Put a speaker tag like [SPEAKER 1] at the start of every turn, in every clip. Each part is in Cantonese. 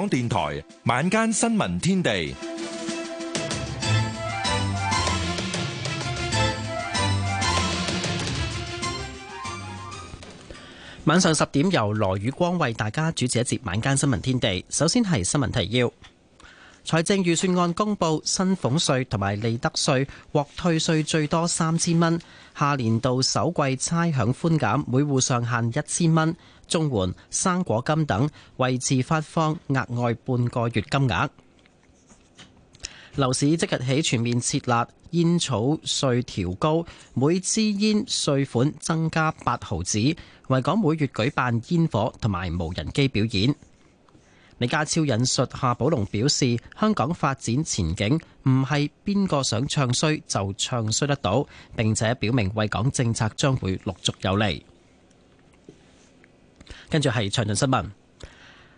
[SPEAKER 1] 港電台晚間新聞天地，
[SPEAKER 2] 晚上十點由羅宇光為大家主持一節晚間新聞天地。首先係新聞提要：財政預算案公佈，薪俸稅同埋利得稅獲退稅最多三千蚊，下年度首季差餉寬減，每戶上限一千蚊。綜援生果金等維持發放額外半個月金額。樓市即日起全面撤辣，煙草稅調高，每支煙稅款增加八毫子，維港每月舉辦煙火同埋無人機表演。李家超引述夏寶龍表示，香港發展前景唔係邊個想唱衰就唱衰得到。並且表明，惠港政策將會陸續有利。跟住係詳盡新聞。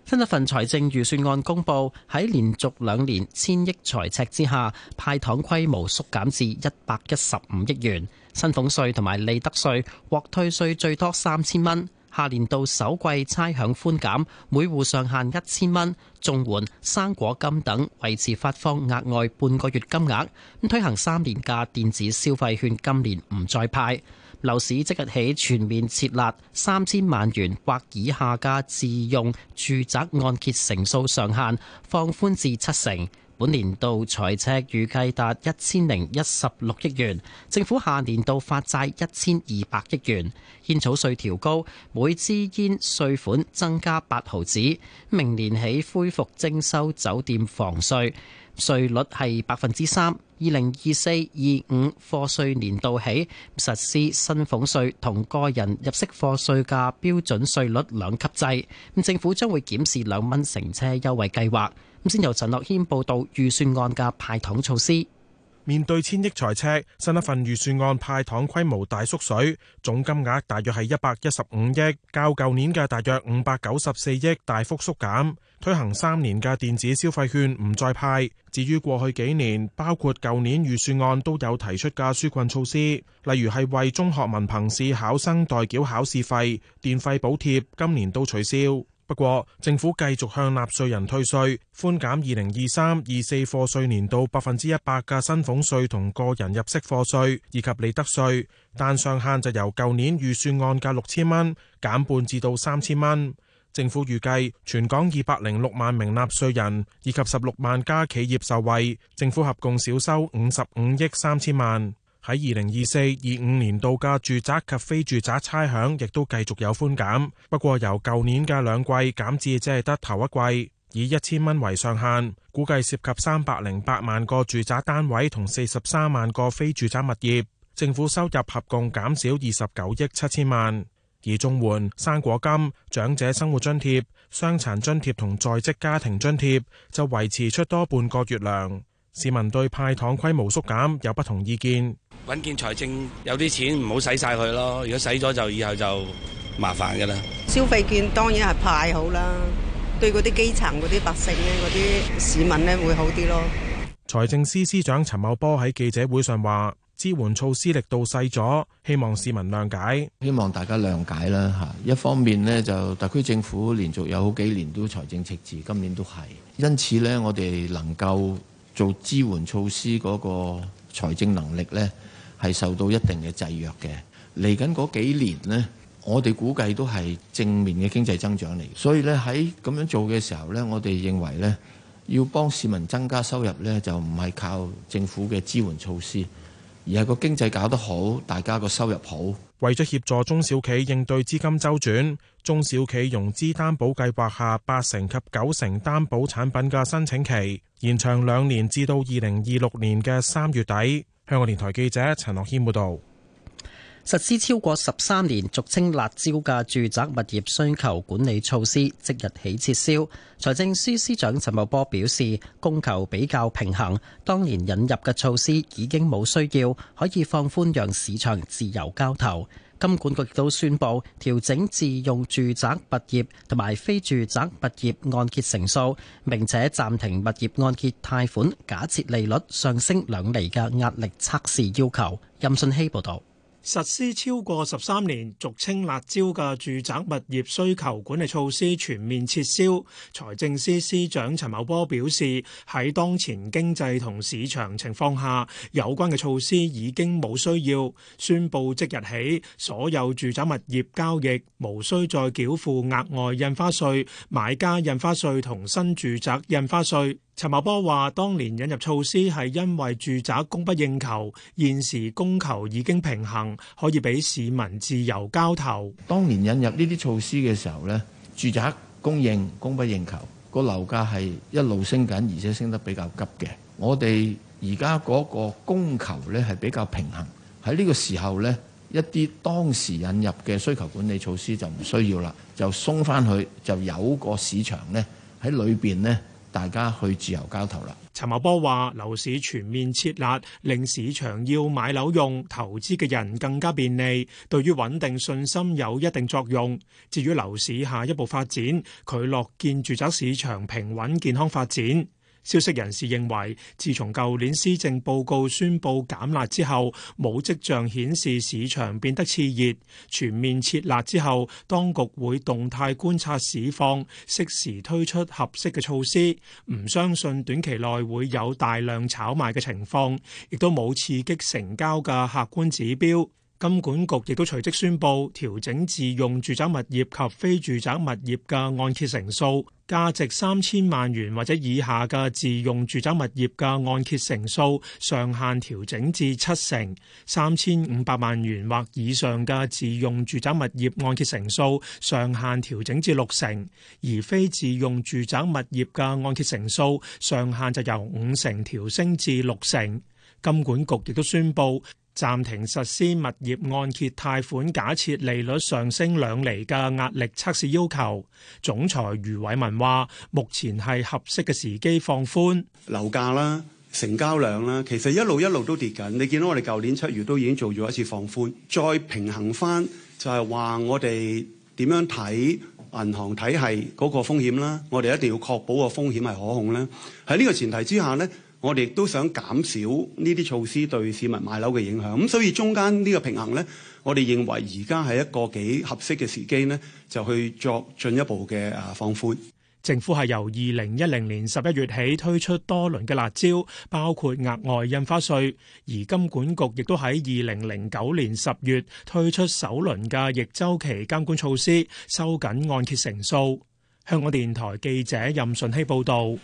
[SPEAKER 2] 新一份財政預算案公布，喺連續兩年千億財赤之下，派糖規模縮減至一百一十五億元。薪俸稅同埋利得稅獲退稅最多三千蚊。下年度首季差餉寬減，每戶上限一千蚊。綜援生果金等維持發放額外半個月金額。咁推行三年嘅電子消費券今年唔再派。樓市即日起全面撤辣，三千萬元或以下嘅自用住宅按揭成數上限，放寬至七成。本年度財赤預計達一千零一十六億元，政府下年度發債一千二百億元。煙草稅調高，每支煙稅款增加八毫子。明年起恢復徵收酒店房稅，稅率係百分之三。二零二四二五課稅年度起實施薪俸稅同個人入息課稅嘅標準稅率兩級制，咁政府將會檢視兩蚊乘車優惠計劃，
[SPEAKER 3] 咁先由陳樂軒報道預算案嘅派糖措施。面對千億財赤，新一份預算案派糖規模大縮水，總金額大約係一百一十五億，較舊年嘅大約五百九十四億大幅縮減。推行三年嘅電子消費券唔再派。至於過去幾年，包括舊年預算案都有提出嘅紓困措施，例如係為中學文憑試考生代繳考試費、電費補貼，今年都取消。不過，政府繼續向納稅人退稅，寬減二零二三二四課稅年度百分之一百嘅薪俸稅同個人入息課稅以及利得稅，但上限就由舊年預算案嘅六千蚊減半至到三千蚊。政府預計全港二百零六萬名納稅人以及十六萬家企業受惠，政府合共少收五十五億三千萬。喺二零二四二五年度嘅住宅及非住宅差餉亦都繼續有寬減。不過由舊年嘅兩季減至只係得頭一季，以一千蚊為上限，估計涉及三百零八萬個住宅單位同四十三萬個非住宅物業。政府收入合共減少二十九億七千萬，而綜援生果金、長者生活津貼、傷殘津貼同在職家庭津貼就維持出多半個月糧。市民對派糖規模縮減有不同意見。
[SPEAKER 4] 穩健財政有啲錢唔好使晒佢咯，如果使咗就以後就麻煩
[SPEAKER 3] 㗎啦。
[SPEAKER 5] 消費券當然係派好啦，對嗰啲基層嗰啲百姓咧、嗰啲市民咧會好啲咯。
[SPEAKER 3] 財政司司，司長陳茂波喺記者會上話，支援措施力度細咗，希望市民諒解。希望大家諒解
[SPEAKER 6] 啦嚇，一方面呢，就特區政府連續有好幾年都財政赤字，今年都係，因此呢，我哋能夠做支援措施嗰個財政能力呢。係受到一定嘅制約嘅，嚟緊嗰幾年呢，我哋估計都係正面嘅經濟增長嚟。所以咧，喺咁樣做嘅時候呢，我哋認為呢，要幫市民增加收入呢，就唔係靠政府嘅支援措施，而係個經濟搞得好，大家個收入好。為咗協助中小企應對資金周轉，
[SPEAKER 3] 中小企融資擔保計劃下八成及九成擔保產品嘅申請期延長兩年，至到二零二六年嘅三月底。香港電台記者陳樂謙報道：實施超過十三年、俗稱辣招嘅住
[SPEAKER 2] 宅物業需求管理措施，即日起撤銷。財政司司長陳茂波錶示，供求比較平衡，當年引入嘅措施已經冇需要，可以放寬讓市場自由交投。金管局亦都宣布調整自用住宅物業同埋非住宅物業按揭成數，並且暫停物業按揭貸款假設利率上升兩厘嘅壓力測試要求。任信希報道。
[SPEAKER 1] 實施超過十三年，俗稱辣招嘅住宅物業需求管理措施全面撤銷。財政司司長陳茂波表示，喺當前經濟同市場情況下，有關嘅措施已經冇需要，宣布即日起所有住宅物業交易無需再繳付額外印花稅、買家印花稅同新住宅印花稅。陳茂波話：當年引入措施係因為住宅供不應求，現時供求已經平衡，可以俾市民自由交投。當年引入呢啲措施嘅時候呢，住宅供應供不應求，個樓價係一路升
[SPEAKER 6] 緊，而且升得比較急嘅。我哋而家嗰個供求呢係比較平衡，喺呢個時候呢，一啲當時引入嘅需求管理措施就唔需要啦，就鬆翻去，就有個市場呢喺裏邊呢。大家去自由交投啦。
[SPEAKER 1] 陳茂波話樓市全面撤辣，令市場要買樓用投資嘅人更加便利，對於穩定信心有一定作用。至於樓市下一步發展，佢樂見住宅市場平穩健康發展。消息人士認為，自從舊年施政報告宣布減辣之後，冇跡象顯示市場變得熾熱，全面撤辣之後，當局會動態觀察市況，適時推出合適嘅措施。唔相信短期內會有大量炒賣嘅情況，亦都冇刺激成交嘅客觀指標。金管局亦都隨即宣布，調整自用住宅物業及非住宅物業嘅按揭成數，價值三千萬元或者以下嘅自用住宅物業嘅按揭成數，上限調整至七成，三千五百萬元或以上嘅自用住宅物業按揭成數，上限調整至六成，而非自用住宅物業嘅按揭成數，上限就由五成調升至六成。金管局亦都宣布，暫停實施物業按揭貸款假設利率上升兩厘嘅壓力測試要求。總裁余偉文話：目前係合適嘅時機
[SPEAKER 7] 放寬，樓價啦、成交量啦，其實一路一路都跌緊。你見到我哋舊年七月都已經做咗一次放寬，再平衡翻就係話我哋點樣睇銀行體系嗰個風險啦。我哋一定要確保個風險係可控咧，喺呢個前提之下呢。我哋亦都想減少呢啲措施對市民買樓嘅影響，咁所以中間呢個平衡呢，我哋認為而家係一個幾合適嘅時機呢就去作進一步嘅啊放寬。政府係由二零一零年十一月
[SPEAKER 1] 起推出多輪嘅辣招，包括額外印花稅，而金管局亦都喺二零零九年十月推出首輪嘅逆周期監管措施，收緊按揭成數。香港電台記者任順希報導。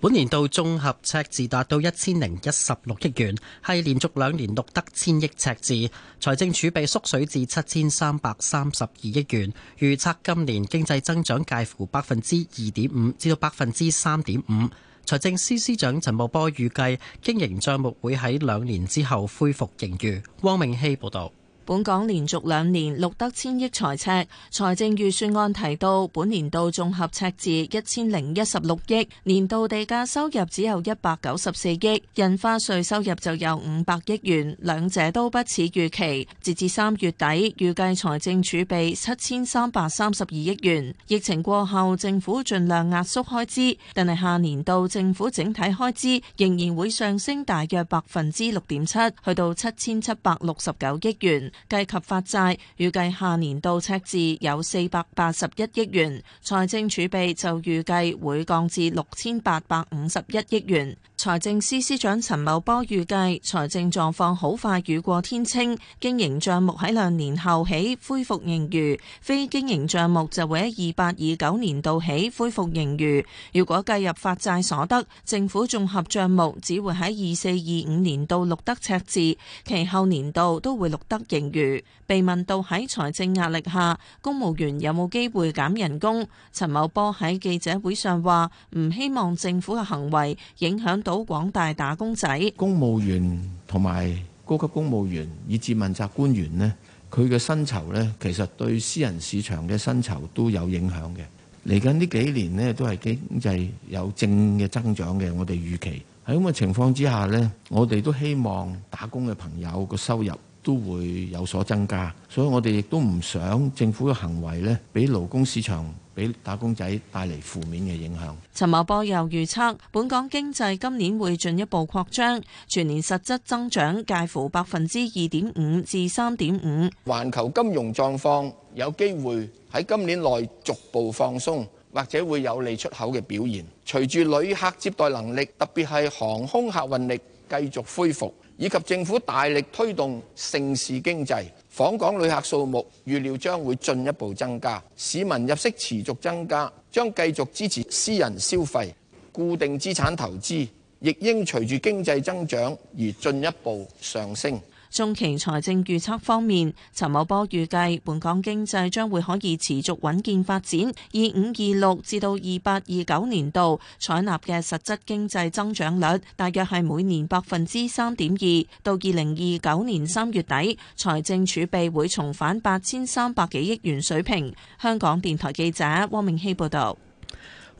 [SPEAKER 1] 本年度綜合赤字達到一千零一十六億元，係連續兩年錄
[SPEAKER 2] 得千億赤字，財政儲備縮水至七千三百三十二億元。預測今年經濟增長介乎百分之二點五至到百分之三點五。財政司司長陳茂波預計經營帳目會喺兩年之後恢復盈餘。汪明熙報導。
[SPEAKER 5] 本港連續兩年錄得千億財赤，財政預算案提到，本年度綜合赤字一千零一十六億，年度地價收入只有一百九十四億，印花稅收入就有五百億元，兩者都不似預期。截至三月底，預計財政儲備七千三百三十二億元。疫情過後，政府盡量壓縮開支，但係下年度政府整體開支仍然會上升大約百分之六點七，去到七千七百六十九億元。計及發債，預計下年度赤字有四百八十一億元，財政儲備就預計會降至六千八百五十一億元。財政司司長陳茂波預計財政狀況好快雨過天青，經營賬目喺兩年後起恢復盈餘，非經營賬目就會喺二八二九年度起恢復盈餘。如果計入發債所得，政府綜合賬目只會喺二四二五年度錄得赤字，其後年度都會錄得盈餘。被問到喺財政壓力下，公務員有冇機會減人工，陳茂波喺記者會上話唔希望政府嘅行為影響。到廣大打工仔，
[SPEAKER 6] 公務員同埋高級公務員，以至問責官員，呢佢嘅薪酬呢，其實對私人市場嘅薪酬都有影響嘅。嚟緊呢幾年呢，都係經濟有正嘅增長嘅，我哋預期喺咁嘅情況之下呢，我哋都希望打工嘅朋友個收入，都會有所增加，所以我哋亦都唔想政府嘅行為呢，俾勞工市場、俾打工仔帶嚟負面嘅影響。
[SPEAKER 5] 陳茂波又預測，本港經濟今年會進一步擴張，全年實質增長介乎百分
[SPEAKER 6] 之二點五至三點五。環球金融狀況有機會喺今年內逐步放鬆，或者會有利出口嘅表現。隨住旅客接待能力，特別係航空客運力繼續恢復。以及政府大力推動盛事經濟，訪港旅客數目預料將會進一步增加，市民入息持續增加，將繼續支持私人消費，固定資產投資亦應隨住經濟增長而進一步上升。
[SPEAKER 5] 中期財政預測方面，陳茂波預計本港經濟將會可以持續穩健發展，二五二六至到二八二九年度採納嘅實質經濟增長率，大約係每年百分之三點二。到二零二九年三月底，財政儲備會重返八千三百幾億元水平。香港電台記者汪明希報導。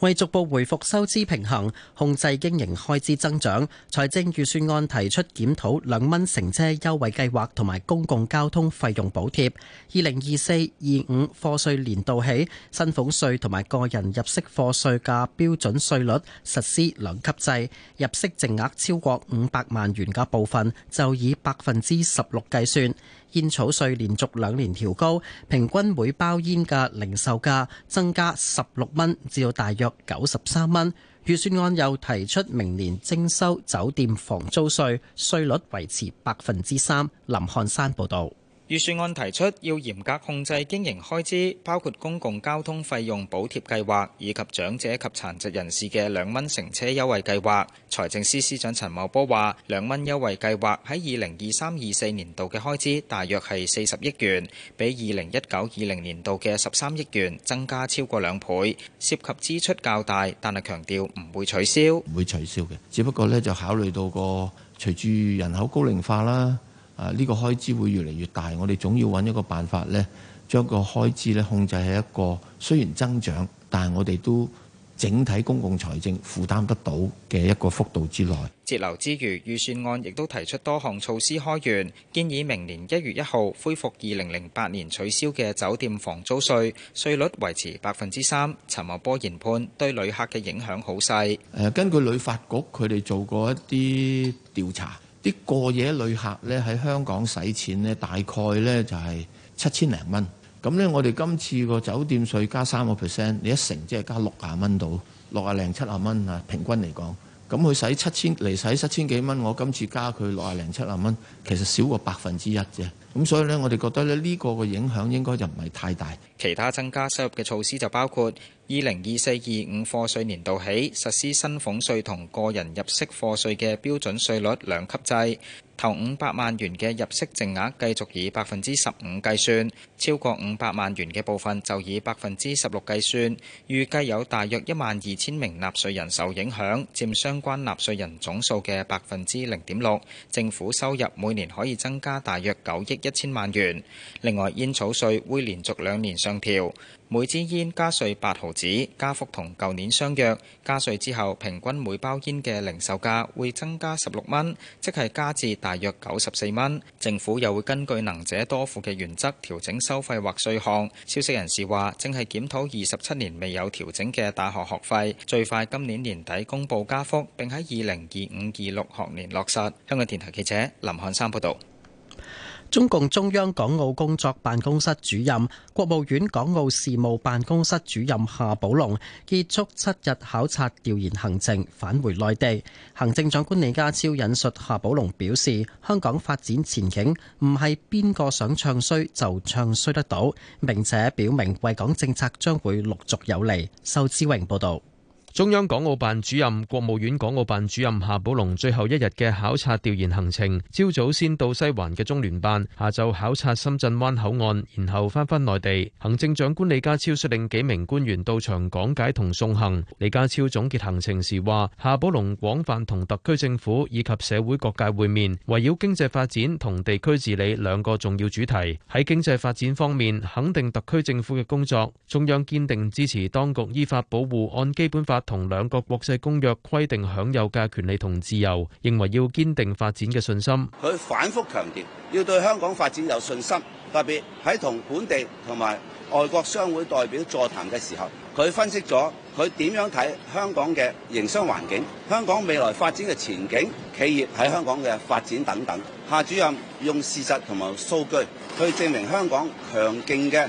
[SPEAKER 2] 為逐步回復收支平衡、控制經營開支增長，財政預算案提出檢討兩蚊乘車優惠計劃同埋公共交通費用補貼。二零二四二五課稅年度起，薪俸稅同埋個人入息課稅嘅標準稅率實施兩級制，入息淨額超過五百萬元嘅部分就以百分之十六計算。煙草稅連續兩年調高，平均每包煙嘅零售價增加十六蚊，至到大約，九十三蚊，預算案又提出明年徵收酒店房租稅，稅率維持百分之三。林漢山報道。
[SPEAKER 8] 預算案提出要嚴格控制經營開支，包括公共交通費用補貼計劃以及長者及殘疾人士嘅兩蚊乘車優惠計劃。財政司司長陳茂波話，兩蚊優惠計劃喺二零二三、二四年度嘅開支大約係四十億元，比二零一九、二零年度嘅十三億元增加超過兩倍，涉及支出較大，但係強調唔會取消，
[SPEAKER 6] 唔會取消嘅，只不過呢，就考慮到個隨住人口高齡化啦。啊！呢個開支會越嚟越大，我哋總要揾一個辦法呢，將個開支咧控制喺一個雖然增長，但係我哋都整體公共財政負擔得到嘅一個幅度之內。
[SPEAKER 8] 節流之餘，預算案亦都提出多項措施開源，建議明年一月一號恢復二零零八年取消嘅酒店房租稅，稅率維持百分之三。陳茂波研判對旅客嘅影響好細。
[SPEAKER 6] 誒，根據旅發局佢哋做過一啲調查。啲過夜旅客咧喺香港使錢咧，大概咧就係七千零蚊。咁咧，我哋今次個酒店稅加三個 percent，你一成即係加六啊蚊到六啊零七啊蚊啊。平均嚟講，咁佢使七千嚟使七千幾蚊，我今次加佢六啊零七啊蚊，其實少過百分之一啫。咁所以咧，我哋覺得咧呢個嘅影響應該就唔係太大。其他增
[SPEAKER 8] 加收入嘅措施就包括。二零二四二五課稅年度起實施薪俸稅同個人入息課稅嘅標準稅率兩級制，頭五百萬元嘅入息淨額繼續以百分之十五計算，超過五百萬元嘅部分就以百分之十六計算。預計有大約一萬二千名納稅人受影響，佔相關納稅人總數嘅百分之零點六。政府收入每年可以增加大約九億一千萬元。另外，煙草稅會連續兩年上調。每支煙加稅八毫子，加幅同舊年相若。加稅之後，平均每包煙嘅零售價會增加十六蚊，即係加至大約九十四蚊。政府又會根據能者多付嘅原則調整收費或稅項。消息人士話，正係檢討二十七年未有調整嘅大學學費，最快今年年底公布加幅，並喺二零二五二六學年落實。香港電台記者林漢山報導。
[SPEAKER 2] 中共中央港澳工作辦公室主任、國務院港澳事務辦公室主任夏寶龍結束七日考察調研行程，返回內地。行政長官李家超引述夏寶龍表示，香港發展前景唔係邊個想唱衰就唱衰得到，並且表明，惠港政策將會陸續有利。仇志榮報道。中央港澳辦主任、國務
[SPEAKER 9] 院港澳辦主任夏寶龍最後一日嘅考察調研行程，朝早先到西環嘅中聯辦，下晝考察深圳灣口岸，然後翻返內地。行政長官李家超率領幾名官員到場講解同送行。李家超總結行程時話：夏寶龍廣泛同特區政府以及社會各界會面，圍繞經濟發展同地區治理兩個重要主題。喺經濟發展方面，肯定特區政府嘅工作，中央堅定支持當局依法保護按基本法，同兩個國際公約規定享有嘅權利同自由，認為要堅定發展嘅信心。
[SPEAKER 10] 佢反覆強調要對香港發展有信心，特別喺同本地同埋外國商會代表座談嘅時候，佢分析咗佢點樣睇香港嘅營商環境、香港未來發展嘅前景、企業喺香港嘅發展等等。夏主任用事實同埋數據去證明香港強勁嘅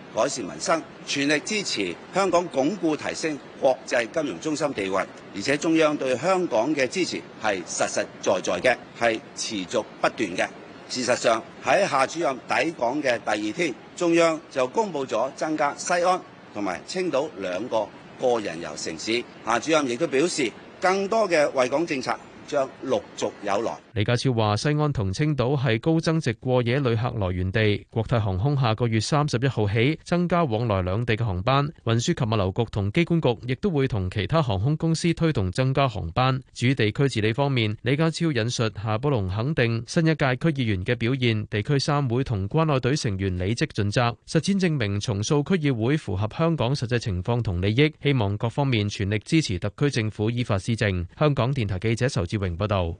[SPEAKER 10] 改善民生，全力支持香港鞏固提升國際金融中心地位，而且中央對香港嘅支持係實實在在嘅，係持續不斷嘅。事實上喺夏主任抵港嘅第二天，中央就公布咗增加西安同埋青島兩個個人遊城市。夏主任亦都表示，更多嘅惠港政策。將陸續
[SPEAKER 9] 有來。李家超話：西安同青島係高增值過夜旅客來源地。國泰航空下個月三十一號起增加往來兩地嘅航班。運輸及物流局同機管局亦都會同其他航空公司推動增加航班。主地區治理方面，李家超引述夏寶龍肯定新一屆區議員嘅表現，地區三會同關愛隊成員履職盡責。實踐證明重塑區議會符合香港實際情況同利益，希望各方面全力支持特區政府依法施政。香港
[SPEAKER 2] 電台記者仇志。報道，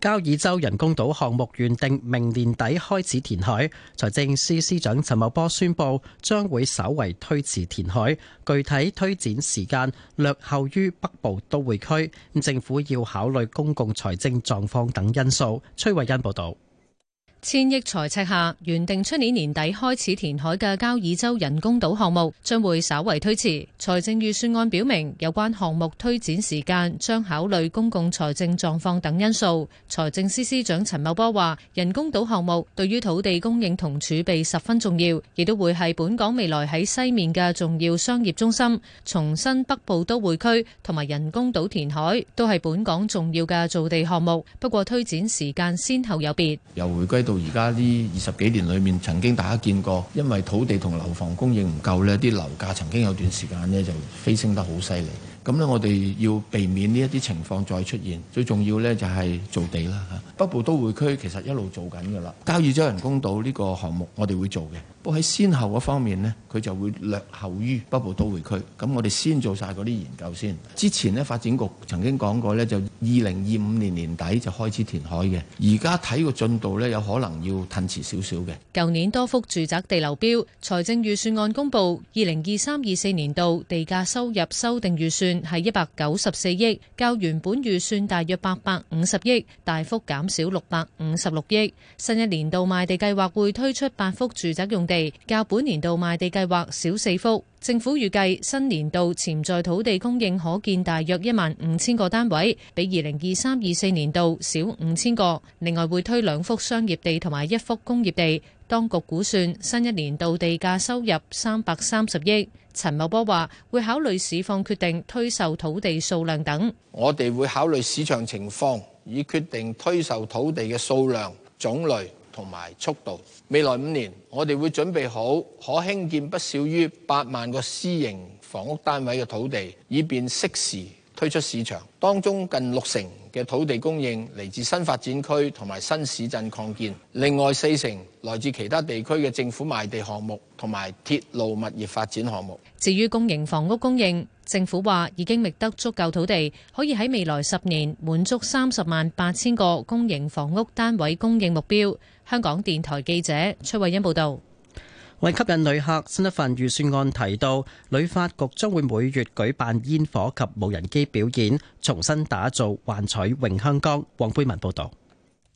[SPEAKER 2] 交椅洲人工島項目原定明年底開始填海，財政司司長陳茂波宣布將會稍為推遲填海，具體推展時間略後於北部都會區。政府要考慮公共財政狀況等因素。崔慧欣報道。
[SPEAKER 11] 千億財赤下，原定出年年底開始填海嘅交椅洲人工島項目將會稍微推遲。財政預算案表明，有關項目推展時間將考慮公共財政狀況等因素。財政司司長陳茂波話：人工島項目對於土地供應同儲備十分重要，亦都會係本港未來喺西面嘅重要商業中心。重申北部都會區同埋人工島填海都係本港重要嘅造地項目，不過推展時間先後有別。
[SPEAKER 6] 又回歸到而家呢，二十幾年裏面，曾經大家見過，因為土地同樓房供應唔夠咧，啲樓價曾經有段時間咧就飛升得好犀利。咁咧，我哋要避免呢一啲情況再出現，最重要呢就係做地啦嚇。北部都會區其實一路做緊噶啦。交椅洲人工島呢個項目，我哋會做嘅。不過喺先後嗰方面呢，佢就會略後於北部都會區，咁我哋先做晒嗰啲研究先。之前呢發展局曾經講過呢，就二零二五年年底就開始填海嘅。而家睇個進度呢，有可能要褪遲少少嘅。
[SPEAKER 11] 舊年多幅住宅地流標，財政預算案公布，二零二三二四年度地價收入修訂預算。係一百九十四億，較原本預算大約八百五十億，大幅減少六百五十六億。新一年度賣地計劃會推出八幅住宅用地，較本年度賣地計劃少四幅。政府預計，新年度潛在土地供應可見大約一萬五千個單位，比二零二三、二四年度少五千個。另外會推兩幅商業地同埋一幅工業地。當局估算，新一年度地價收入三百三十億。陳茂波話，會考慮市況決定推售土地數量等。
[SPEAKER 6] 我哋會考慮市場情況，以決定推售土地嘅數量、種類同埋速度。未來五年，我哋會準備好可興建不少於八萬個私營房屋單位嘅土地，以便適時推出市場，當中近六成嘅土地供應嚟自新發展區同埋新市鎮擴建，另外四成來自其他地區嘅政府賣地項目同埋鐵路物業發展項目。
[SPEAKER 11] 至於公營房屋供應，政府話已經覓得足夠土地，可以喺未來十年滿足三十萬八千個公營房屋單位供應目標。香港電台記者崔慧欣報道。
[SPEAKER 2] 為吸引旅客，新一份預算案提到，旅發局將會每月舉辦煙火及無人機表演，重新打造幻彩詠香江。黃佩文報道。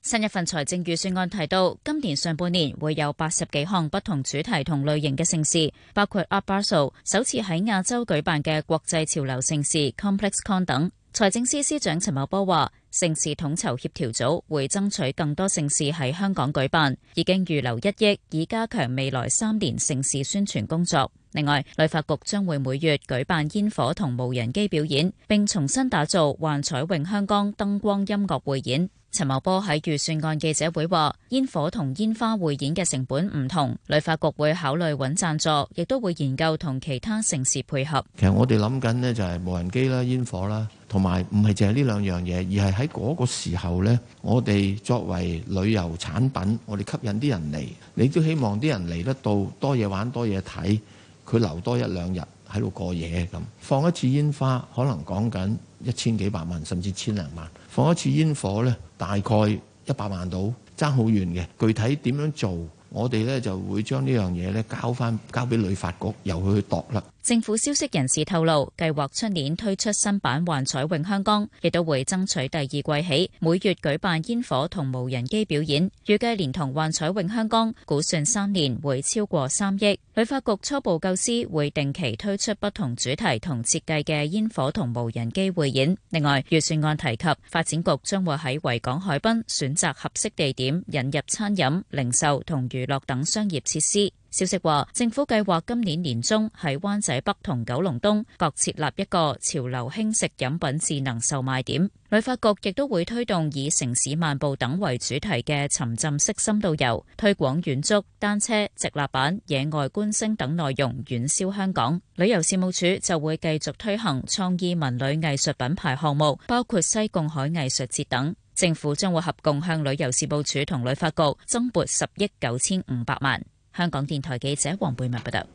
[SPEAKER 12] 新一份財政預算案提到，今年上半年會有八十幾項不同主題同類型嘅盛事，包括阿巴素首次喺亞洲舉辦嘅國際潮流盛事 ComplexCon 等。財政司司長陳茂波話，盛事統籌協調組會爭取更多盛事喺香港舉辦，已經預留一億以加強未來三年盛事宣傳工作。另外，旅發局將會每月舉辦煙火同無人機表演，並重新打造幻彩詠香江燈光音樂匯演。陳茂波喺預算案記者會話：煙火同煙花匯演嘅成本唔同，旅發局會考慮揾贊助，亦都會研究同其他城市配合。其實我
[SPEAKER 6] 哋諗緊呢就係無人機啦、煙火啦，同埋唔係淨係呢兩樣嘢，而係喺嗰個時候呢，我哋作為旅遊產品，我哋吸引啲人嚟，你都希望啲人嚟得到多嘢玩、多嘢睇，佢留多一兩日喺度過夜咁。放一次煙花，可能講緊。一千幾百萬，甚至千零萬，放一次煙火咧，大概一百萬到，爭好遠嘅。具體點樣做，我哋呢就會將呢樣嘢咧交翻交俾旅發局，由佢去度啦。
[SPEAKER 12] 政府消息人士透露，計劃出年推出新版幻彩詠香江，亦都會爭取第二季起每月舉辦煙火同無人機表演。預計連同幻彩詠香江，估算三年會超過三億。旅發局初步構思會定期推出不同主題同設計嘅煙火同無人機匯演。另外，預算案提及發展局將會喺維港海濱選擇合適地點引入餐飲、零售同娛樂等商業設施。消息話，政府計劃今年年中喺灣仔北同九龍東各設立一個潮流輕食飲品智能售賣點。旅發局亦都會推動以城市漫步等為主題嘅沉浸式深度遊，推廣遠足、單車、直立板、野外觀星等內容，遠銷香港。旅遊事務署就會繼續推行創意文旅藝術品牌項目，包括西貢海藝術節等。政府將會合共向旅遊事務署同旅發局增撥十億九千五百萬。香港電台記者黃貝文報道：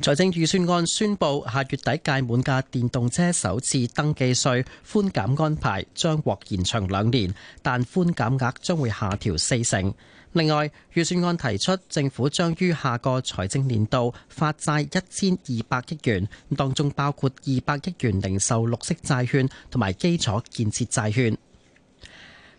[SPEAKER 2] 財政預算案宣布，下月底屆滿嘅電動車首次登記稅寬減安排將獲延長兩年，但寬減額將會下調四成。另外，預算案提出，政府將於下個財政年度發債一千二百億元，當中包括二百億元零售綠色債券同埋基礎建設債券。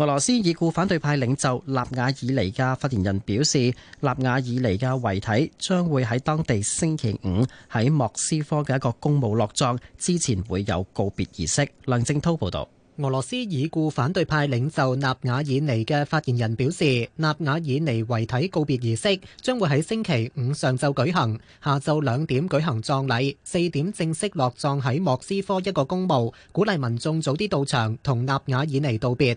[SPEAKER 2] 俄羅斯已故反對派領袖納瓦爾尼嘅發言人表示，納瓦爾尼嘅遺體將會喺當地星期五喺莫斯科嘅一個公墓落葬，之前會有告別儀式。梁正濤報道，
[SPEAKER 13] 俄羅斯已故反對派領袖納瓦爾尼嘅發言人表示，納瓦爾尼遺體告別儀式將會喺星期五上晝舉行，下晝兩點舉行葬禮，四點正式落葬喺莫斯科一個公墓。鼓勵民眾早啲到場同納瓦爾尼道別。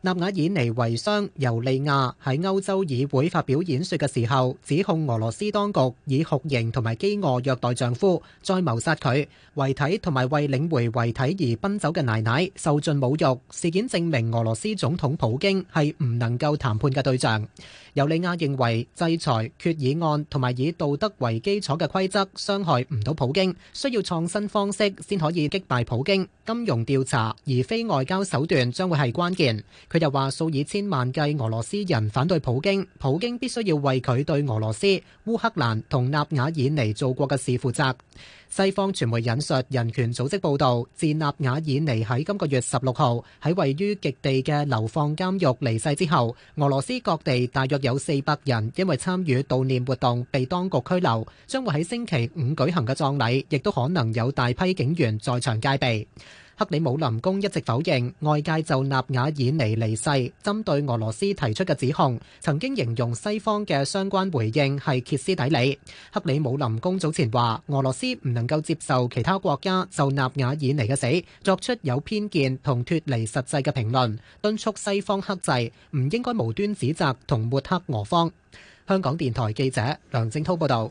[SPEAKER 13] 納瓦爾尼遺孀尤利亞喺歐洲議會發表演說嘅時候，指控俄羅斯當局以酷刑同埋饑餓虐待丈夫，再謀殺佢，遺體同埋為領回遺體而奔走嘅奶奶受盡侮辱。事件證明俄羅斯總統普京係唔能夠談判嘅對象。尤利亞認為制裁決議案同埋以道德為基礎嘅規則傷害唔到普京，需要創新方式先可以擊敗普京。金融調查而非外交手段將會係關鍵。佢又話：數以千萬計俄羅斯人反對普京，普京必須要為佢對俄羅斯、烏克蘭同納瓦爾尼做過嘅事負責。西方傳媒引述人權組織報導，自納瓦爾尼喺今個月十六號喺位於極地嘅流放監獄離世之後，俄羅斯各地大約有四百人因為參與悼念活動被當局拘留，將會喺星期五舉行嘅葬禮，亦都可能有大批警員在場戒備。克里姆林宮一直否認外界就納瓦爾尼離世針對俄羅斯提出嘅指控，曾經形容西方嘅相關回應係歇斯底里。克里姆林宮早前話俄羅斯唔能夠接受其他國家就納瓦爾尼嘅死作出有偏見同脫離實際嘅評論，敦促西方克制，唔應該無
[SPEAKER 2] 端指責同抹黑俄方。香港電台記者梁正濤報道。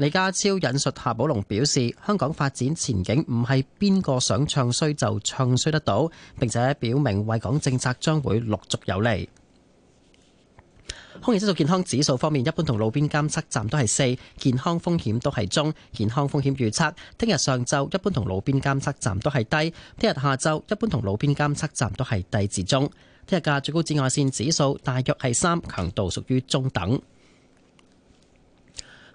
[SPEAKER 2] 李家超引述夏寶龍表示，香港發展前景唔係邊個想唱衰就唱衰得到。並且表明，惠港政策將會陸續有利。空氣質素健康指數方面，一般同路邊監測站都係四，健康風險都係中。健康風險預測，聽日上晝一般同路邊監測站都係低，聽日下晝一般同路邊監測站都係低至中。聽日嘅最高紫外線指數大約係三，強度屬於中等。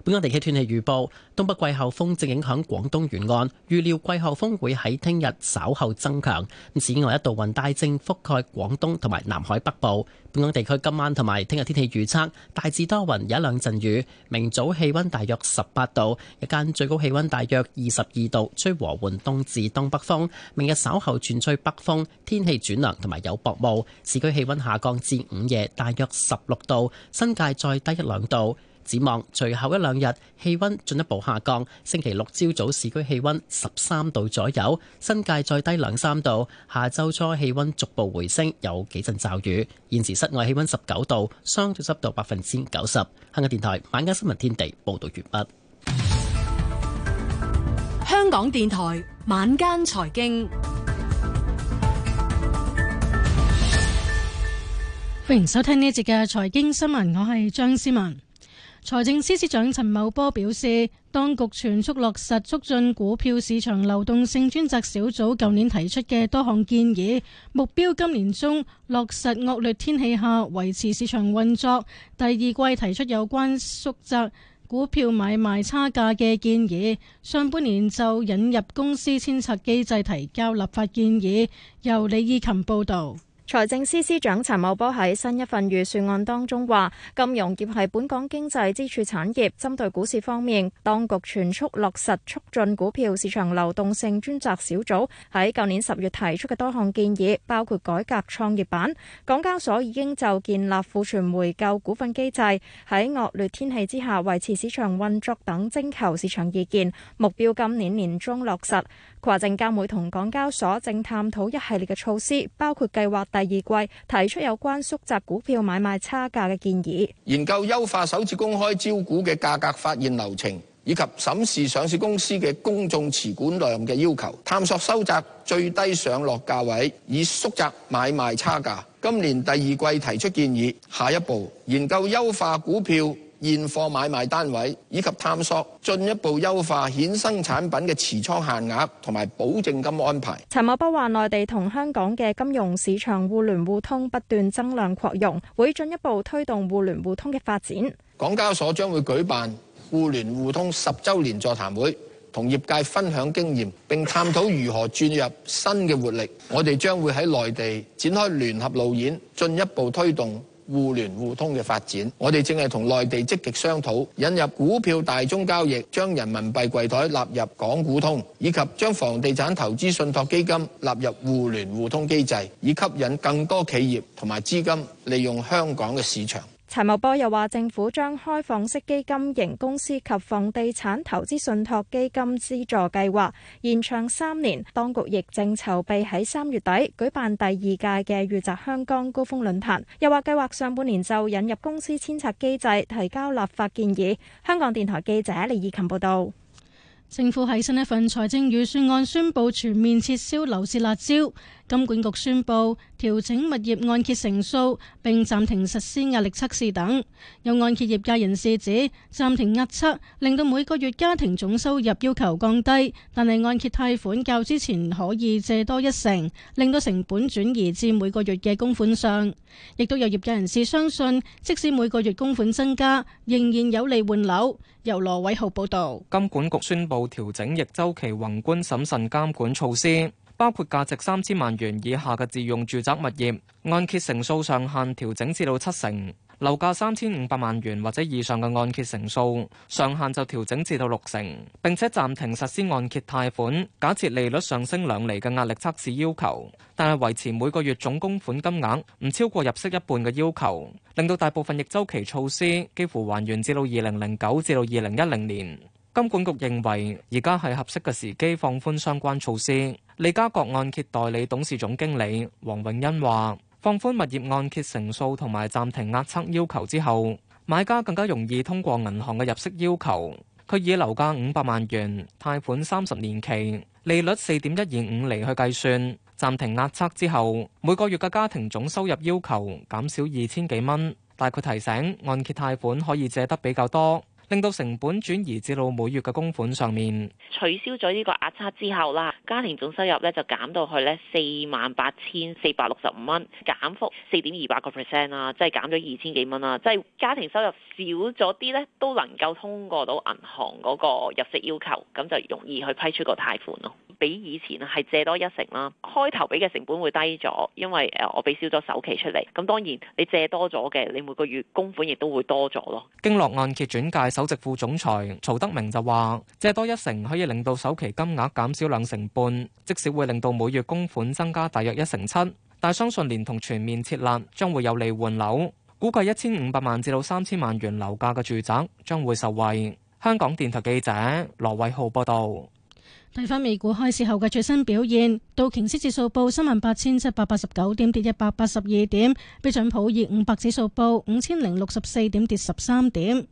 [SPEAKER 2] 本港地區天氣預報：東北季候風正影響廣東沿岸，預料季候風會喺聽日稍後增強。咁此外，一度雲帶正覆蓋廣東同埋南海北部。本港地區今晚同埋聽日天氣預測大致多雲，有一兩陣雨。明早氣溫大約十八度，日間最高氣溫大約二十二度，吹和緩東至東北風。明日稍後轉吹北風，天氣轉涼同埋有薄霧。市區氣溫下降至午夜大約十六度，新界再低一兩度。展望隨後一兩日氣溫進一步下降，星期六朝早市區氣溫十三度左右，新界再低兩三度。下周初氣溫逐步回升，有幾陣驟雨。現時室外氣溫十九度，相對濕度百分之九十。香港電台晚間新聞天地報道完畢。
[SPEAKER 11] 香港電台晚間財經，歡
[SPEAKER 14] 迎收聽呢一節嘅財經新聞，我係張思文。財政司司長陳茂波表示，當局全速落實促進股票市場流動性專責小組舊年提出嘅多項建議，目標今年中落實惡劣天氣下維持市場運作。第二季提出有關縮窄股票買賣差價嘅建議，上半年就引入公司遷冊機制提交立法建議。由李義琴報道。財政司司長陳茂波喺新一份
[SPEAKER 15] 預算案當中話，金融業係本港經濟支柱產業。針對股市方面，當局全速落實促進股票市場流動性專責小組喺舊年十月提出嘅多項建議，包括改革創業板。港交所已經就建立庫存回購股份機制，喺惡劣天氣之下維持市場運作等徵求市場意見，目標今年年中落實。證監會同港交所正探討一系列嘅措施，包括計劃。第二季提出有關縮窄股票買
[SPEAKER 6] 賣差價嘅建議，研究優化首次公開招股嘅價格發現流程，以及審視上市公司嘅公眾持股量嘅要求，探索收窄最低上落價位以縮窄買賣差價。今年第二季提出建議，下一步研究優化股票。現貨買賣單位以及探索進一步優化衍生產品嘅持倉限額同埋保證金安排。陳茂
[SPEAKER 15] 波話，內地同香港嘅金融市場互聯互通不斷增量擴容，會進一步推動互聯互通嘅發展。
[SPEAKER 6] 港交所將會舉辦互聯互通十週年座談會，同業界分享經驗，並探討如何注入新嘅活力。我哋將會喺內地展開聯合路演，進一步推動。互聯互通嘅發展，我哋正係同內地積極商討引入股票大宗交易，將人民幣櫃檯納入港股通，以及將房地產投資信託基金納入互聯互通機制，以吸引更多企業同埋資金利用香港嘅市場。
[SPEAKER 15] 陳茂波又話，政府將開放式基金型公司及房地產投資信託基金資助計劃延長三年。當局亦正籌備喺三月底舉辦第二屆嘅裕澤香港高峰論壇，又話計劃上半年就引入公司遷冊機制，提交立法建議。香港電台記者李以
[SPEAKER 14] 琴報道，政府喺新一份財政預算案宣布全面撤銷樓市辣椒。金管局宣布調整物業按揭成數，並暫停實施壓力測試等。有按揭業界人士指，暫停壓測令到每個月家庭總收入要求降低，但係按揭貸款較之前可以借多一成，令到成本轉移至每個月嘅供款上。亦都有業界人士相信，即使每個月供款增加，仍然有利換樓。由羅偉豪報道。
[SPEAKER 16] 金管局宣布調整逆周期宏觀審慎監,監管措施。包括價值三千萬元以下嘅自用住宅物業，按揭成數上限調整至到七成；樓價三千五百萬元或者以上嘅按揭成數上限就調整至到六成。並且暫停實施按揭貸款假設利率上升兩厘嘅壓力測試要求，但係維持每個月總供款金額唔超過入息一半嘅要求，令到大部分逆周期措施幾乎還原至到二零零九至到二零一零年。金管局認為而家係合適嘅時機放寬相關措施。利嘉閣按揭代理董事總經理黃永欣話，放寬物業按揭成數同埋暫停壓測要求之後，買家更加容易通過銀行嘅入息要求。佢以樓價五百萬元、貸款三十年期、利率四點一二五厘去計算，暫停壓測之後每個月嘅家庭總收入要求減少二千幾蚊。但佢提醒，按揭貸款可以借得比較多。令到成本轉移至到每月嘅供款上面，
[SPEAKER 5] 取消咗呢個壓差之後啦，家庭總收入咧就減到去咧四萬八千四百六十五蚊，減幅四點二八個 percent 啦，即係減咗二千幾蚊啦。即係家庭收入少咗啲咧，都能夠通過到銀行嗰個入息要求，咁就容易去批出個貸款咯。比以前係借多一成啦，開頭俾嘅成本會低咗，因為誒我俾少咗首期出嚟。咁當然你借多咗嘅，你每個月供款亦都會多咗咯。
[SPEAKER 16] 經絡按揭轉介。首席副總裁曹德明就話：借多一成可以令到首期金額減少兩成半，即使會令到每月供款增加大約一成七，但相信連同全面撤辣將會有利換樓。估計一千五百萬至到三千萬元樓價嘅住宅將會受惠。香港電台記者羅偉浩報道。
[SPEAKER 14] 睇翻美股開市後嘅最新表現，道瓊斯指數報三萬八千七百八十九點，跌一百八十二點；標準普爾五百指數報五千零六十四點，跌十三點。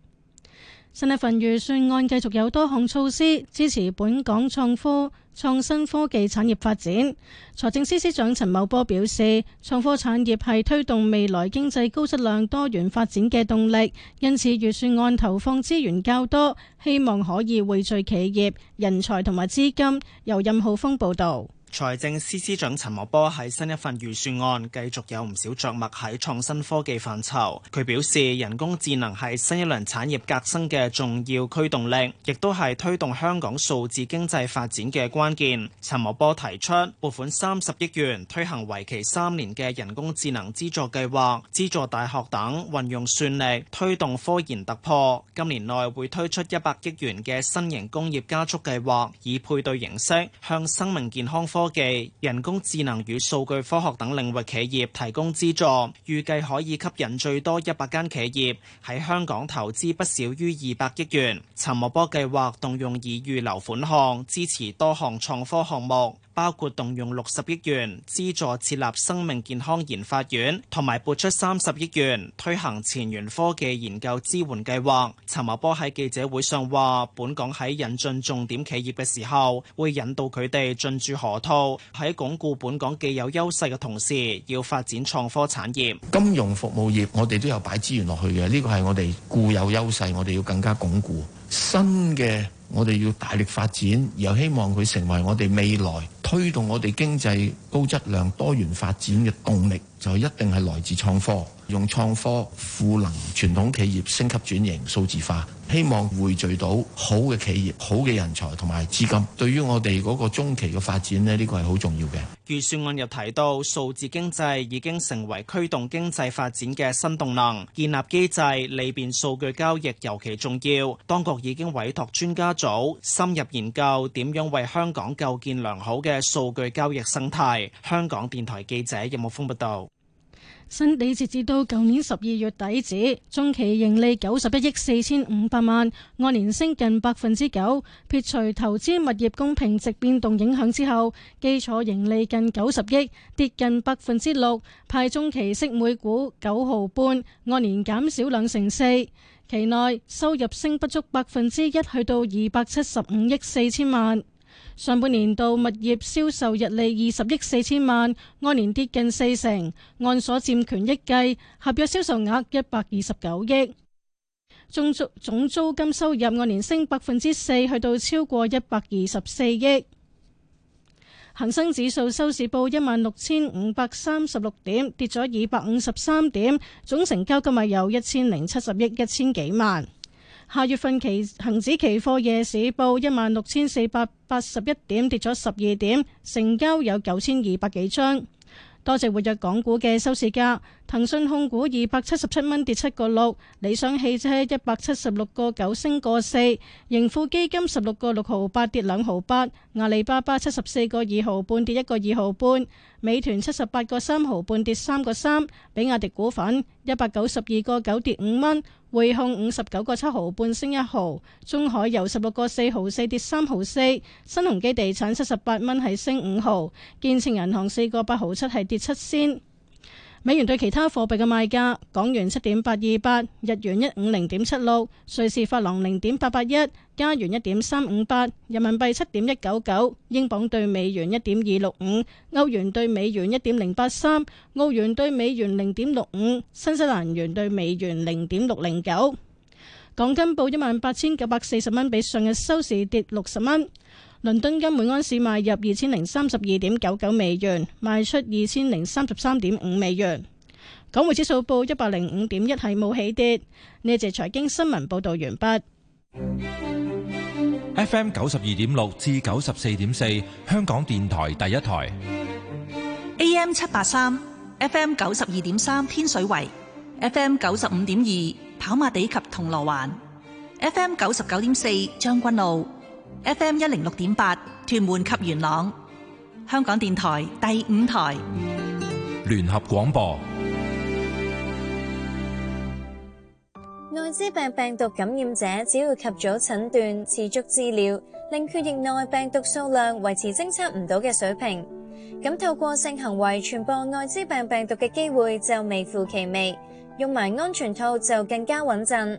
[SPEAKER 14] 新一份預算案繼續有多項措施支持本港創科創新科技產業發展。財政司司長陳茂波表示，創科產業係推動未來經濟高質量多元發展嘅動力，因此預算案投放資源較多，希望可以匯聚企業、人才同埋資金。由任浩峰報導。
[SPEAKER 17] 財政司司長陳茂波喺新一份預算案繼續有唔少着墨喺創新科技範疇。佢表示，人工智能係新一輪產業革新嘅重要驅動力，亦都係推動香港數字經濟發展嘅關鍵。陳茂波提出，撥款三十億元推行為期三年嘅人工智能資助計劃，資助大學等運用算力推動科研突破。今年內會推出一百億元嘅新型工業加速計劃，以配對形式向生命健康科。科技、人工智能與數據科學等領域企業提供資助，預計可以吸引最多一百間企業喺香港投資，不少於二百億元。陳茂波計劃動用已預留款項支持多項創科項目。包括動用六十億元資助設立生命健康研發院，同埋撥出三十億元推行前沿科技研究支援計劃。陳茂波喺記者會上話，本港喺引進重點企業嘅時候，會引導佢哋進駐河套，喺鞏固本港既有優勢嘅同時，要發展創科產業。
[SPEAKER 6] 金融服務業我哋都有擺資源落去嘅，呢個係我哋固有優勢，我哋要更加鞏固新嘅。我哋要大力發展，又希望佢成為我哋未來推動我哋經濟高質量多元發展嘅動力，就一定係來自創科。用創科賦能傳統企業升級轉型數字化，希望匯聚到好嘅企業、好嘅人才同埋資金。對於我哋嗰個中期嘅發展咧，呢、呢個係好重要嘅。
[SPEAKER 17] 預算案又提到，數字經濟已經成為驅動經濟發展嘅新動能，建立機制利便數據交易尤其重要。當局已經委託專家組深入研究點樣為香港構建良好嘅數據交易生態。香港電台記者任木峯報道。
[SPEAKER 14] 新地截至到舊年十二月底止，中期盈利九十一億四千五百萬，按年升近百分之九。撇除投資物業公平值變動影響之後，基礎盈利近九十億，跌近百分之六。派中期息每股九毫半，按年減少兩成四。期內收入升不足百分之一，去到二百七十五億四千萬。上半年度物業銷售日利二十億四千萬，按年跌近四成，按所占權益計，合約銷售額一百二十九億，總租總租金收入按年升百分之四，去到超過一百二十四億。恒生指數收市報一萬六千五百三十六點，跌咗二百五十三點，總成交今日有一千零七十億一千幾萬。下月份期恒指期貨夜市報一萬六千四百八十一點，跌咗十二點，成交有九千二百幾張。多謝活躍港股嘅收市價：騰訊控股二百七十七蚊跌七個六，理想汽車一百七十六個九升個四，盈富基金十六個六毫八跌兩毫八，阿里巴巴七十四個二毫半跌一個二毫半，美團七十八個三毫半跌三個三，比亞迪股份一百九十二個九跌五蚊。匯控五十九個七毫半升一毫，中海油十六個四毫四跌三毫四，新鴻基地產七十八蚊係升五毫，建設銀行四個八毫七係跌七仙。美元對其他貨幣嘅賣價：港元七點八二八，日元一五零點七六，瑞士法郎零點八八一，加元一點三五八，人民幣七點一九九，英鎊對美元一點二六五，歐元對美元一點零八三，澳元對美元零點六五，新西蘭元對美元零點六零九。港金報一萬八千九百四十蚊，比上日收市跌六十蚊。倫敦金每安士買入二千零三十二點九九美元，賣出二千零三十三點五美元。港匯指數報一百零五點一，係冇起跌。呢節財經新聞報道完畢。
[SPEAKER 10] FM 九十二點六至九十四點四，香港電台第一台。
[SPEAKER 5] AM 七八三，FM 九十二點三，天水圍。FM 九十五點二，跑馬地及銅鑼灣。FM 九十九點四，將軍澳。FM 一零六點八，屯門及元朗，香港電台第五台
[SPEAKER 13] 聯合廣播。
[SPEAKER 12] 艾滋病病毒感染者只要及早診斷、持續治療，令血液內病毒數量維持偵測唔到嘅水平，咁透過性行為傳播艾滋病病毒嘅機會就微乎其微，用埋安全套就更加穩陣，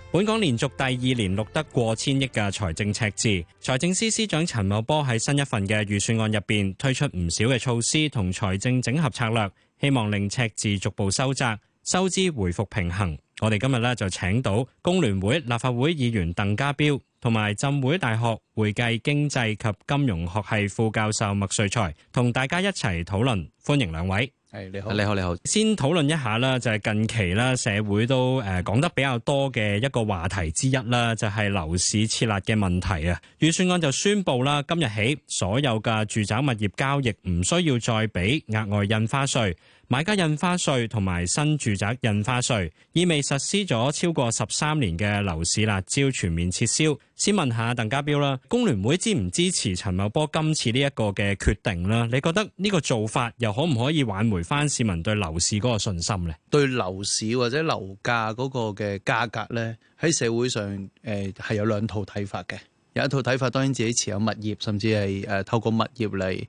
[SPEAKER 18] 本港連續第二年錄得過千億嘅財政赤字，財政司司長陳茂波喺新一份嘅預算案入邊推出唔少嘅措施同財政整合策略，希望令赤字逐步收窄，收支回復平衡。我哋今日呢，就請到工聯會立法會議員鄧家彪，同埋浸會大學會計經濟及金融學系副教授麥瑞才，同大家一齊討論，歡迎兩位。係你好，你好，你好你好。先討論一下啦，就係、是、近期啦，社會都誒講得比較多嘅一個話題之一啦，就係、是、樓市設立嘅問題啊。預算案就宣布啦，今日起所有嘅住宅物業交易唔需要再俾額外印花稅。買家印花稅同埋新住宅印花稅，意味實施咗超過十三年嘅樓市辣招全面撤銷。先問下鄧家彪啦，工聯會支唔支持陳茂波今次呢一個嘅決定咧？你覺得呢個做法又可唔可以挽回翻市民對樓市嗰個信
[SPEAKER 7] 心呢？對樓市或者樓價嗰個嘅價格呢？喺社會上誒係有兩套睇法嘅。有一套睇法，當然自己持有物業，甚至係誒透過物業嚟。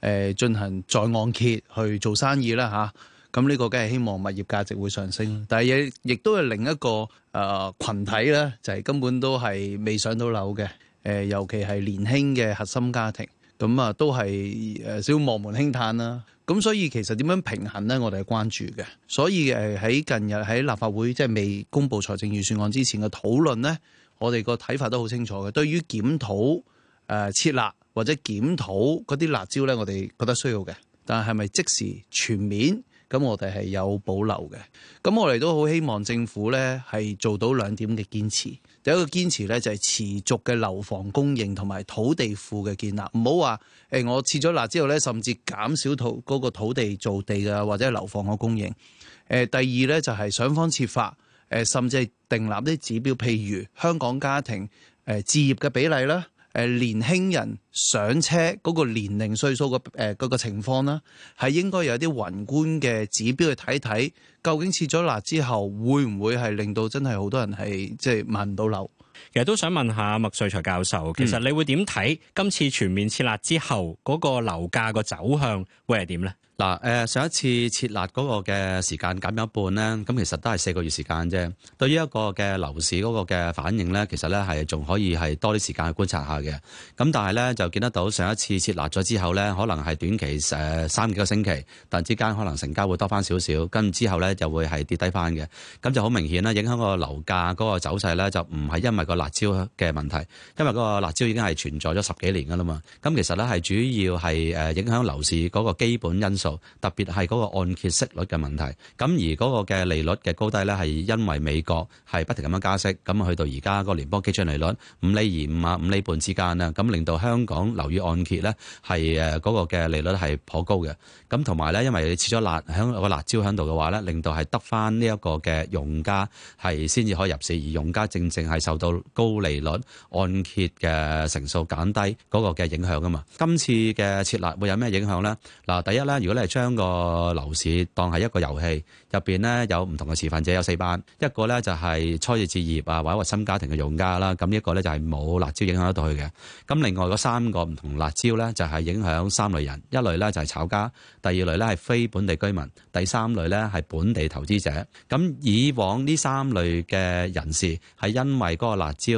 [SPEAKER 7] 誒進行再按揭去做生意啦吓，咁、啊、呢個梗係希望物業價值會上升，但係亦亦都係另一個誒羣、呃、體咧，就係、是、根本都係未上到樓嘅誒、呃，尤其係年輕嘅核心家庭，咁、嗯、啊都係誒、呃、少望門興歎啦。咁所以其實點樣平衡咧，我哋係關注嘅。所以誒喺近日喺立法會即係、就是、未公布財政預算案之前嘅討論咧，我哋個睇法都好清楚嘅。對於檢討。誒撤辣或者檢討嗰啲辣招咧，我哋覺得需要嘅，但係咪即時全面？咁我哋係有保留嘅。咁我哋都好希望政府咧係做到兩點嘅堅持。第一個堅持咧就係、是、持續嘅樓房供應同埋土地庫嘅建立，唔好話誒我撤咗辣之後咧，甚至減少土嗰、那個土地造地啊，或者樓房嘅供應。誒、呃、第二咧就係、是、想方設法誒、呃，甚至係訂立啲指標，譬如香港家庭誒、呃、置業嘅比例啦。誒年輕人上車嗰個年齡歲數嘅誒嗰個情況啦，係應該有啲宏觀嘅指標去睇睇，究竟撤咗辣之後會唔會係令到真係好多人係即係買唔到樓？其
[SPEAKER 18] 實都想問下麥瑞才教授，其實你會點睇今次全面撤辣之後嗰、那
[SPEAKER 4] 個樓價個走向會係點咧？嗱，誒上一次設立嗰個嘅時間減咗一半咧，咁其實都係四個月時間啫。對於一個嘅樓市嗰個嘅反應咧，其實咧係仲可以係多啲時間去觀察下嘅。咁但係咧就見得到上一次設立咗之後咧，可能係短期誒三幾個星期，但之間可能成交會多返少少，跟住之後咧就會係跌低返嘅。咁就好明顯啦，影響個樓價嗰個走勢咧，就唔係因為個辣椒嘅問題，因為個辣椒已經係存在咗十幾年㗎喇嘛。咁其實咧係主要係誒影響樓市嗰個基本因素。特別係嗰個按揭息率嘅問題，咁而嗰個嘅利率嘅高低咧，係因為美國係不停咁樣加息，咁去到而家個聯邦基金利率五厘二五啊、五厘半之間啦，咁令到香港樓宇按揭咧係誒嗰個嘅利率係頗高嘅，咁同埋咧，因為你切咗辣香個辣椒響度嘅話咧，令到係得翻呢一個嘅用家係先至可以入市，而用家正正係受到高利率按揭嘅成數減低嗰個嘅影響啊嘛。今次嘅切辣會有咩影響咧？嗱，第一咧，如果都係將個樓市當係一個遊戲入邊咧，有唔同嘅持份者，有四班。一個咧就係初次置業啊，或者話新家庭嘅用家啦。咁一個咧就係冇辣招影響得到佢嘅。咁另外嗰三個唔同辣招咧，就係影響三類人：一類咧就係炒家，第二類咧係非本地居民，第三類咧係本地投資者。咁以往呢三類嘅人士係因為嗰個辣招。